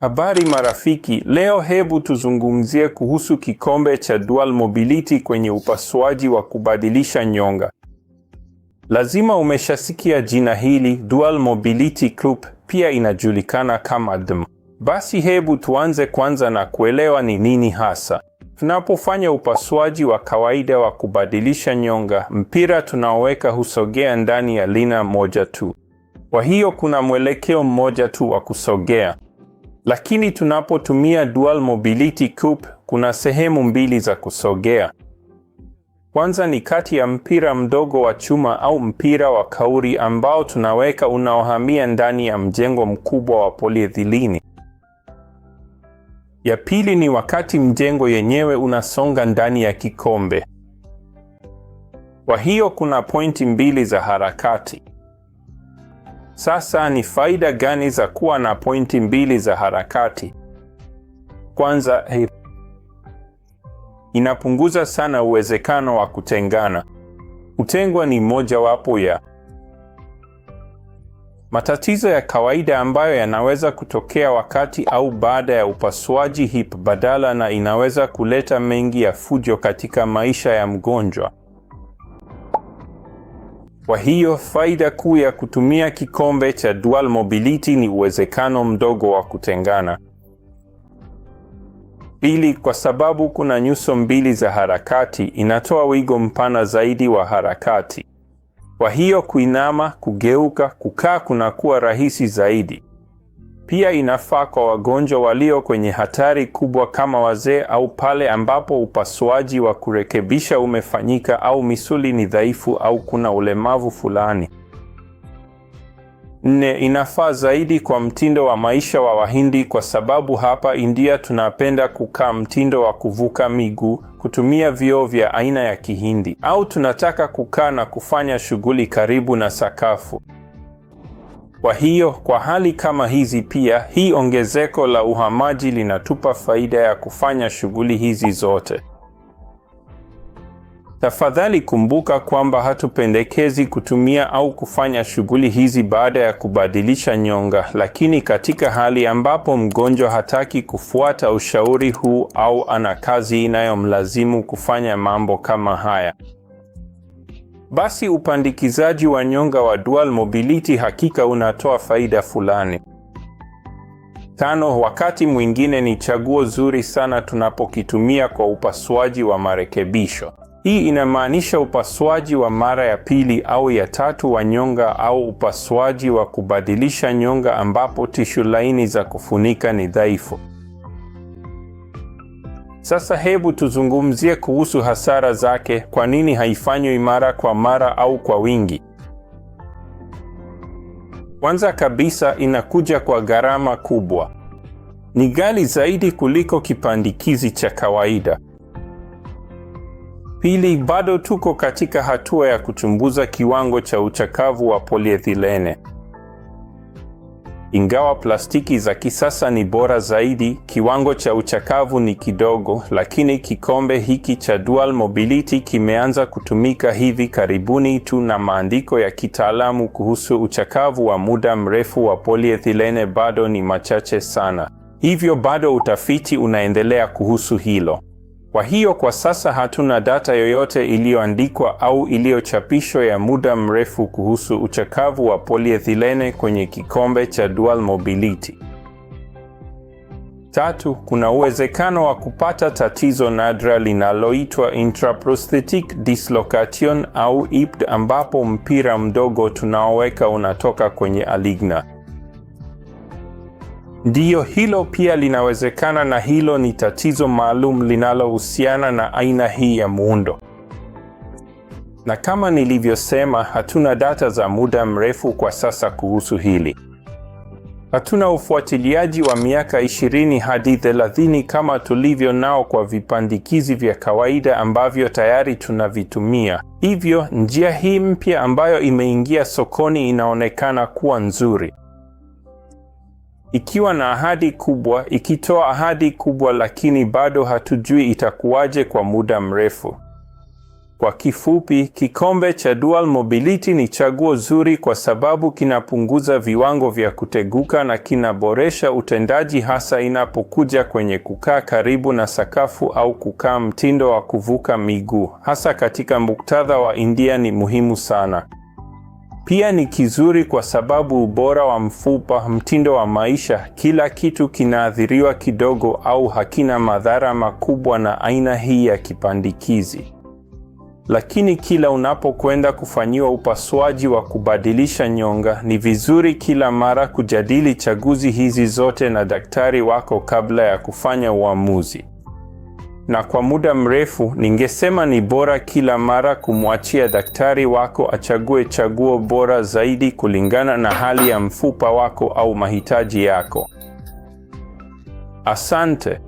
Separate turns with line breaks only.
Habari marafiki, leo hebu tuzungumzie kuhusu kikombe cha dual mobility kwenye upasuaji wa kubadilisha nyonga. Lazima umeshasikia jina hili, dual mobility group, pia inajulikana kama dm Basi hebu tuanze kwanza na kuelewa ni nini hasa. Tunapofanya upasuaji wa kawaida wa kubadilisha nyonga, mpira tunaoweka husogea ndani ya lina moja tu. Kwa hiyo kuna mwelekeo mmoja tu wa kusogea. Lakini tunapotumia dual mobility coupe, kuna sehemu mbili za kusogea. Kwanza ni kati ya mpira mdogo wa chuma au mpira wa kauri ambao tunaweka unaohamia ndani ya mjengo mkubwa wa polyethylene. Ya pili ni wakati mjengo yenyewe unasonga ndani ya kikombe. Kwa hiyo kuna pointi mbili za harakati. Sasa ni faida gani za kuwa na pointi mbili za harakati? Kwanza, hey, inapunguza sana uwezekano wa kutengana. Kutengwa ni mojawapo ya matatizo ya kawaida ambayo yanaweza kutokea wakati au baada ya upasuaji hip badala, na inaweza kuleta mengi ya fujo katika maisha ya mgonjwa. Kwa hiyo faida kuu ya kutumia kikombe cha dual mobility ni uwezekano mdogo wa kutengana. Pili, kwa sababu kuna nyuso mbili za harakati, inatoa wigo mpana zaidi wa harakati. Kwa hiyo kuinama, kugeuka, kukaa kunakuwa rahisi zaidi. Pia inafaa kwa wagonjwa walio kwenye hatari kubwa kama wazee au pale ambapo upasuaji wa kurekebisha umefanyika au misuli ni dhaifu au kuna ulemavu fulani. Nne, inafaa zaidi kwa mtindo wa maisha wa Wahindi kwa sababu hapa India tunapenda kukaa mtindo wa kuvuka miguu, kutumia vioo vya aina ya Kihindi au tunataka kukaa na kufanya shughuli karibu na sakafu. Kwa hiyo kwa hali kama hizi pia, hii ongezeko la uhamaji linatupa faida ya kufanya shughuli hizi zote. Tafadhali kumbuka kwamba hatupendekezi kutumia au kufanya shughuli hizi baada ya kubadilisha nyonga, lakini katika hali ambapo mgonjwa hataki kufuata ushauri huu au ana kazi inayomlazimu kufanya mambo kama haya basi upandikizaji wa nyonga wa dual mobility hakika unatoa faida fulani. Tano, wakati mwingine ni chaguo zuri sana tunapokitumia kwa upasuaji wa marekebisho. Hii inamaanisha upasuaji wa mara ya pili au ya tatu wa nyonga au upasuaji wa kubadilisha nyonga ambapo tishu laini za kufunika ni dhaifu. Sasa hebu tuzungumzie kuhusu hasara zake. Kwa nini haifanywi mara kwa mara au kwa wingi? Kwanza kabisa, inakuja kwa gharama kubwa. Ni ghali zaidi kuliko kipandikizi cha kawaida. Pili, bado tuko katika hatua ya kuchunguza kiwango cha uchakavu wa poliethilene. Ingawa plastiki za kisasa ni bora zaidi, kiwango cha uchakavu ni kidogo, lakini kikombe hiki cha Dual Mobility kimeanza kutumika hivi karibuni tu, na maandiko ya kitaalamu kuhusu uchakavu wa muda mrefu wa polyethylene bado ni machache sana. Hivyo bado utafiti unaendelea kuhusu hilo. Kwa hiyo kwa sasa hatuna data yoyote iliyoandikwa au iliyochapishwa ya muda mrefu kuhusu uchakavu wa polyethylene kwenye kikombe cha dual mobility. Tatu, kuna uwezekano wa kupata tatizo nadra linaloitwa intraprosthetic dislocation au IPD ambapo mpira mdogo tunaoweka unatoka kwenye aligna. Ndiyo, hilo pia linawezekana, na hilo ni tatizo maalum linalohusiana na aina hii ya muundo. Na kama nilivyosema, hatuna data za muda mrefu kwa sasa kuhusu hili. Hatuna ufuatiliaji wa miaka 20 hadi 30 kama tulivyo nao kwa vipandikizi vya kawaida ambavyo tayari tunavitumia. Hivyo, njia hii mpya ambayo imeingia sokoni inaonekana kuwa nzuri ikiwa na ahadi kubwa, ikitoa ahadi kubwa, lakini bado hatujui itakuwaje kwa muda mrefu. Kwa kifupi, kikombe cha dual mobility ni chaguo zuri kwa sababu kinapunguza viwango vya kuteguka na kinaboresha utendaji, hasa inapokuja kwenye kukaa karibu na sakafu au kukaa mtindo wa kuvuka miguu. Hasa katika muktadha wa India ni muhimu sana. Pia ni kizuri kwa sababu ubora wa mfupa, mtindo wa maisha, kila kitu kinaathiriwa kidogo au hakina madhara makubwa na aina hii ya kipandikizi. Lakini kila unapokwenda kufanyiwa upasuaji wa kubadilisha nyonga, ni vizuri kila mara kujadili chaguzi hizi zote na daktari wako kabla ya kufanya uamuzi na kwa muda mrefu, ningesema ni bora kila mara kumwachia daktari wako achague chaguo bora zaidi kulingana na hali ya mfupa wako au mahitaji yako. Asante.